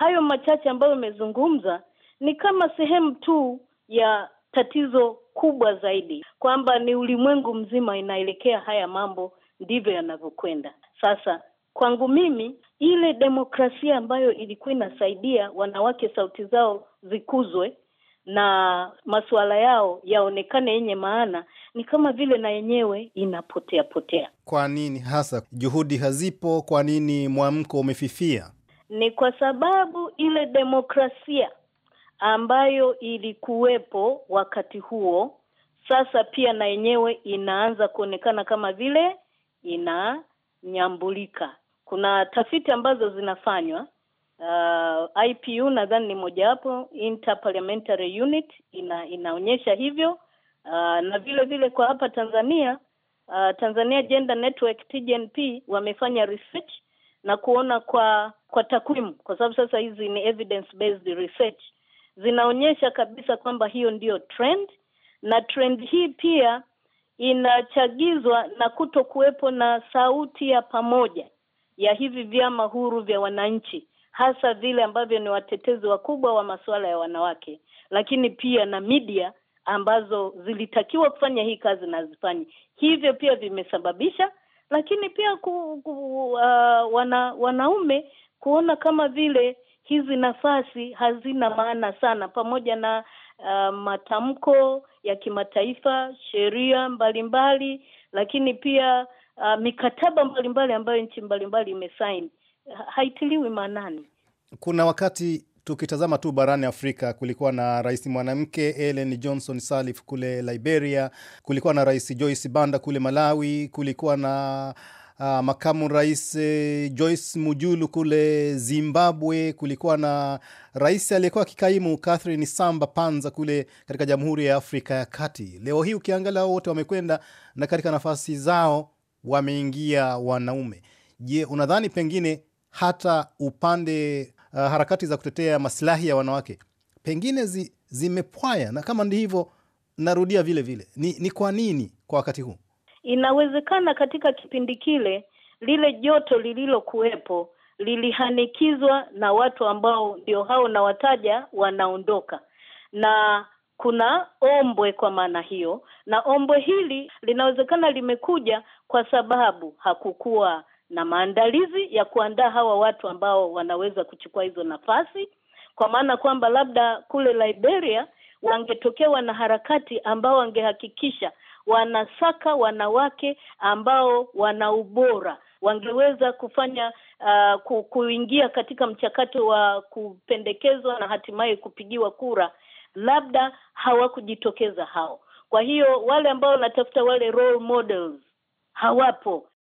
hayo machache ambayo umezungumza ni kama sehemu tu ya tatizo kubwa zaidi, kwamba ni ulimwengu mzima inaelekea haya mambo, ndivyo yanavyokwenda sasa. Kwangu mimi ile demokrasia ambayo ilikuwa inasaidia wanawake sauti zao zikuzwe na masuala yao yaonekane yenye maana, ni kama vile na yenyewe inapotea potea. Kwa nini hasa juhudi hazipo? Kwa nini mwamko umefifia? Ni kwa sababu ile demokrasia ambayo ilikuwepo wakati huo sasa pia na yenyewe inaanza kuonekana kama vile inanyambulika. Kuna tafiti ambazo zinafanywa uh, IPU nadhani ni mojawapo, Interparliamentary Unit ina, inaonyesha hivyo uh, na vile vile kwa hapa Tanzania uh, Tanzania Gender Network TGNP wamefanya research na kuona kwa kwa takwimu, kwa sababu sasa hizi ni evidence based research zinaonyesha kabisa kwamba hiyo ndiyo trend, na trend hii pia inachagizwa na kuto kuwepo na sauti ya pamoja ya hivi vyama huru vya wananchi, hasa vile ambavyo ni watetezi wakubwa wa masuala ya wanawake, lakini pia na media ambazo zilitakiwa kufanya hii kazi na hazifanyi hivyo, pia vimesababisha lakini pia ku, ku, uh, wana, wanaume kuona kama vile hizi nafasi hazina maana sana, pamoja na uh, matamko ya kimataifa, sheria mbalimbali, lakini pia uh, mikataba mbalimbali ambayo nchi mbalimbali imesaini haitiliwi maanani. Kuna wakati Tukitazama tu barani Afrika, kulikuwa na rais mwanamke Ellen Johnson salif kule Liberia, kulikuwa na rais Joyce Banda kule Malawi, kulikuwa na Uh, makamu rais eh, Joyce Mujulu kule Zimbabwe, kulikuwa na rais aliyekuwa kikaimu Catherine Samba Panza kule katika Jamhuri ya Afrika ya Kati. Leo hii ukiangalia wote wamekwenda na katika nafasi zao wameingia wanaume. Je, unadhani pengine hata upande uh, harakati za kutetea maslahi ya wanawake pengine zi, zimepwaya, na kama ndi hivyo, narudia vile vile ni, ni kwa nini kwa wakati huu? Inawezekana katika kipindi kile lile joto lililokuwepo lilihanikizwa na watu ambao ndio hao na wataja wanaondoka na kuna ombwe kwa maana hiyo, na ombwe hili linawezekana limekuja kwa sababu hakukuwa na maandalizi ya kuandaa hawa watu ambao wanaweza kuchukua hizo nafasi, kwa maana kwamba labda kule Liberia wangetokewa na harakati ambao wangehakikisha wanasaka wanawake ambao wana ubora wangeweza kufanya uh, kuingia katika mchakato wa kupendekezwa na hatimaye kupigiwa kura, labda hawakujitokeza hao. Kwa hiyo wale ambao wanatafuta wale role models hawapo,